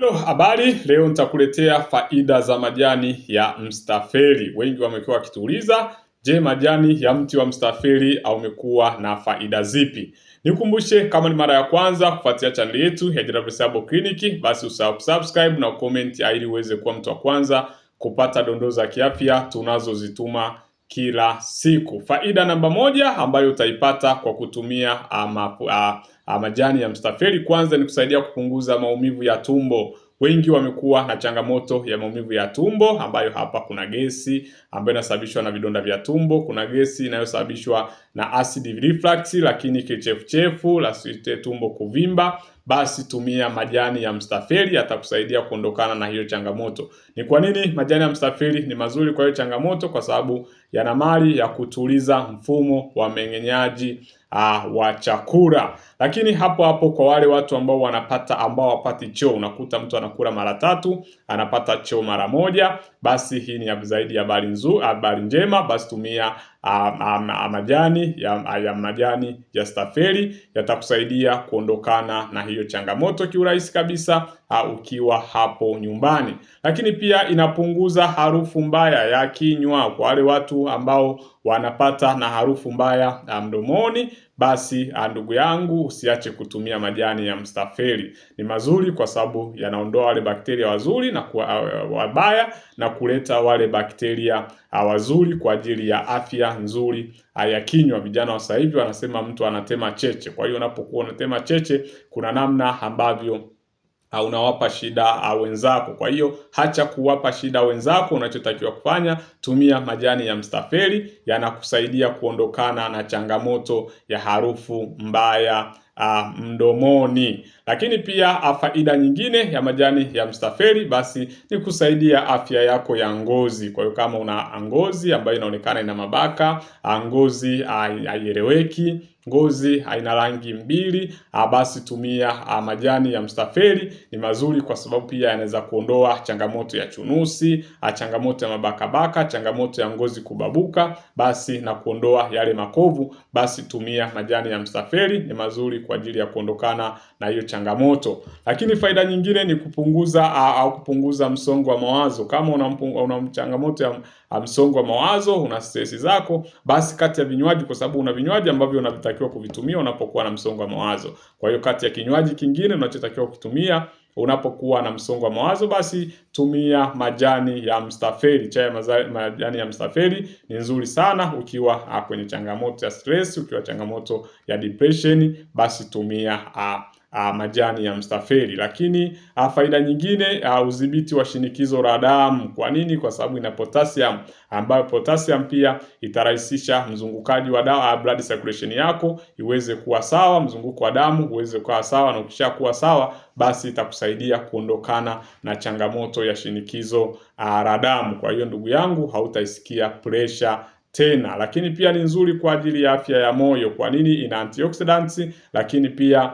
Hello, habari. Leo nitakuletea faida za majani ya mstafeli. Wengi wamekuwa wakituuliza, je, majani ya mti wa mstafeli umekuwa na faida zipi? Nikumbushe, kama ni mara ya kwanza kufuatilia chaneli yetu ya JWS Sabo Clinic, basi usahau na comment ili uweze kuwa mtu wa kwanza kupata dondoo za kiafya tunazozituma kila siku. Faida namba moja ambayo utaipata kwa kutumia ama, ah, a, ah, a, ah, majani ya mstafeli kwanza ni kusaidia kupunguza maumivu ya tumbo. Wengi wamekuwa na changamoto ya maumivu ya tumbo, ambayo hapa kuna gesi ambayo inasababishwa na vidonda vya tumbo, kuna gesi inayosababishwa na acid reflux, lakini kichefuchefu la tumbo kuvimba basi tumia majani ya mstafiri yatakusaidia kuondokana na hiyo changamoto. Ni kwa nini majani ya mstafiri ni mazuri kwa hiyo changamoto? Kwa sababu yana mali ya kutuliza mfumo wa mmeng'enyaji uh, wa chakula. Lakini hapo hapo kwa wale watu ambao wanapata ambao wapati choo, unakuta mtu anakula mara tatu anapata choo mara moja, basi hii ni zaidi habari nzuri, habari njema, basi tumia majani ya, ya majani ya stafeli yatakusaidia kuondokana na hiyo changamoto kiurahisi kabisa ukiwa hapo nyumbani. Lakini pia inapunguza harufu mbaya ya kinywa kwa wale watu ambao wanapata na harufu mbaya mdomoni. Basi ah, ndugu yangu, usiache kutumia majani ya mstafeli. Ni mazuri kwa sababu yanaondoa wale bakteria wazuri na kuwa, uh, wabaya na kuleta wale bakteria uh, wazuri kwa ajili ya afya nzuri uh, ya kinywa. Vijana wa sasa hivi wanasema mtu anatema cheche. Kwa hiyo unapokuwa unatema cheche, kuna namna ambavyo Ah, unawapa shida ah, wenzako. Kwa hiyo hacha kuwapa shida wenzako, unachotakiwa kufanya, tumia majani ya mstafeli, yanakusaidia kuondokana na changamoto ya harufu mbaya uh, mdomoni. Lakini pia a, ah, faida nyingine ya majani ya mstafeli basi ni kusaidia afya yako ya ngozi. Kwa hiyo kama una ngozi ambayo inaonekana ina mabaka, ah, ngozi haieleweki ngozi haina rangi mbili, basi tumia a, majani ya mstafeli. Ni mazuri kwa sababu pia yanaweza kuondoa changamoto ya chunusi a, changamoto ya mabakabaka, changamoto ya ngozi kubabuka, basi na kuondoa yale makovu. Basi tumia majani ya mstafeli, ni mazuri kwa ajili ya kuondokana na hiyo changamoto. Lakini faida nyingine ni kupunguza au kupunguza msongo wa mawazo. Kama una, una changamoto ya msongo wa mawazo, una stress zako, basi kati ya vinywaji, kwa sababu una vinywaji ambavyo unavitakiwa kuvitumia unapokuwa na msongo wa mawazo. Kwa hiyo kati ya kinywaji kingine unachotakiwa kutumia unapokuwa na msongo wa mawazo, basi tumia majani ya mstafeli. Chai ya majani ya mstafeli ni nzuri sana ukiwa ah, kwenye changamoto ya stress, ukiwa changamoto ya depression, basi tumia a, ah, uh, majani ya mstafeli. Lakini uh, faida nyingine uh, udhibiti wa shinikizo la damu. Kwa nini? Kwa sababu ina potassium, ambayo potassium pia itarahisisha mzungukaji wa dawa, uh, blood circulation yako iweze kuwa sawa, mzunguko wa damu uweze kuwa sawa, na ukisha kuwa sawa, basi itakusaidia kuondokana na changamoto ya shinikizo uh, la damu. Kwa hiyo ndugu yangu, hautaisikia pressure tena lakini pia ni nzuri kwa ajili ya afya ya moyo. Kwa nini? Ina antioxidants, lakini pia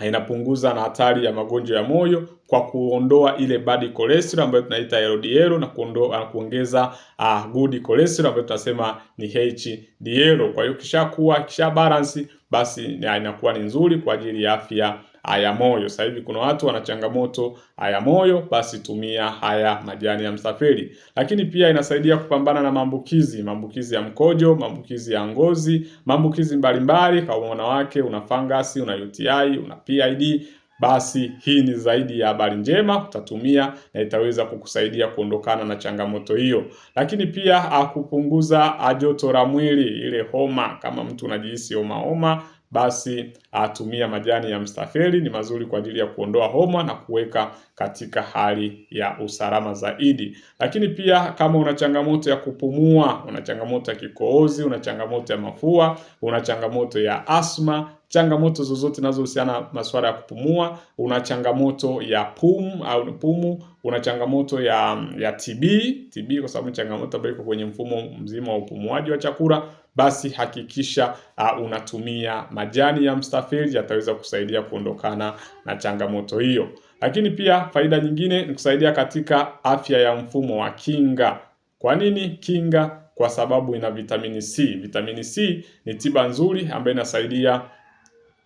inapunguza na hatari ya magonjwa ya moyo kwa kuondoa ile bad cholesterol ambayo tunaita LDL na kuondoa na kuongeza uh, good cholesterol ambayo tunasema ni HDL. Kwa hiyo kishakuwa kisha balance, basi inakuwa ni nzuri kwa ajili ya afya haya moyo. Sasa hivi kuna watu wana changamoto haya moyo, basi tumia haya majani ya msafiri. Lakini pia inasaidia kupambana na maambukizi, maambukizi ya mkojo, maambukizi ya ngozi, maambukizi mbalimbali. kwa wanawake una fangasi, una UTI, una PID basi hii ni zaidi ya habari njema, utatumia na itaweza kukusaidia kuondokana na changamoto hiyo. Lakini pia akupunguza ah, ah, joto la mwili, ile homa. Kama mtu unajihisi homa homa, basi tumia majani ya mstafeli, ni mazuri kwa ajili ya kuondoa homa na kuweka katika hali ya usalama zaidi. Lakini pia kama una changamoto ya kupumua, una changamoto ya kikohozi, una changamoto ya mafua, una changamoto ya asma changamoto zozote zinazohusiana na masuala ya kupumua, una changamoto ya pum au pumu, una changamoto ya ya TB, TB kwa sababu changamoto ambayo iko kwenye mfumo mzima wa upumuaji wa chakula, basi hakikisha uh, unatumia majani ya mstafeli usafiri yataweza kusaidia kuondokana na changamoto hiyo. Lakini pia faida nyingine ni kusaidia katika afya ya mfumo wa kinga. Kwa nini kinga? Kwa sababu ina vitamini C. Vitamini C ni tiba nzuri ambayo inasaidia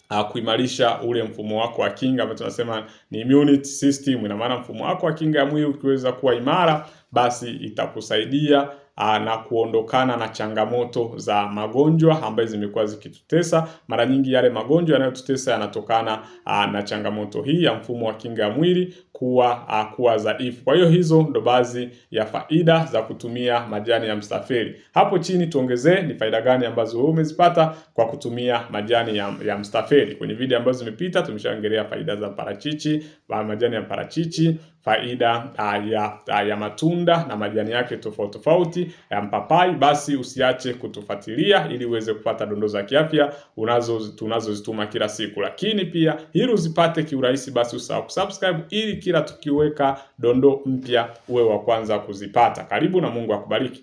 ah, kuimarisha ule mfumo wako wa kinga ambao tunasema ni immune system. Ina maana mfumo wako wa kinga ya mwili ukiweza kuwa imara, basi itakusaidia Ah, na kuondokana na changamoto za magonjwa ambayo zimekuwa zikitutesa. Mara nyingi yale magonjwa yanayotutesa yanatokana ah, na changamoto hii ya mfumo wa kinga ya mwili kuwa ah, kuwa dhaifu. Kwa hiyo hizo ndo baadhi ya faida za kutumia majani ya mstafeli. Hapo chini tuongezee ni faida gani ambazo wewe umezipata kwa kutumia majani ya, ya mstafeli. Kwenye video ambazo zimepita tumeshaangalia faida za parachichi, majani ya parachichi faida ah, ya, ah, ya matunda na majani yake tofauti tofauti ya mpapai, basi usiache kutufuatilia ili uweze kupata dondoo za kiafya unazo tunazozituma kila siku. Lakini pia ili uzipate kiurahisi, basi usahau kusubscribe ili kila tukiweka dondoo mpya uwe wa kwanza kuzipata. Karibu na Mungu akubariki.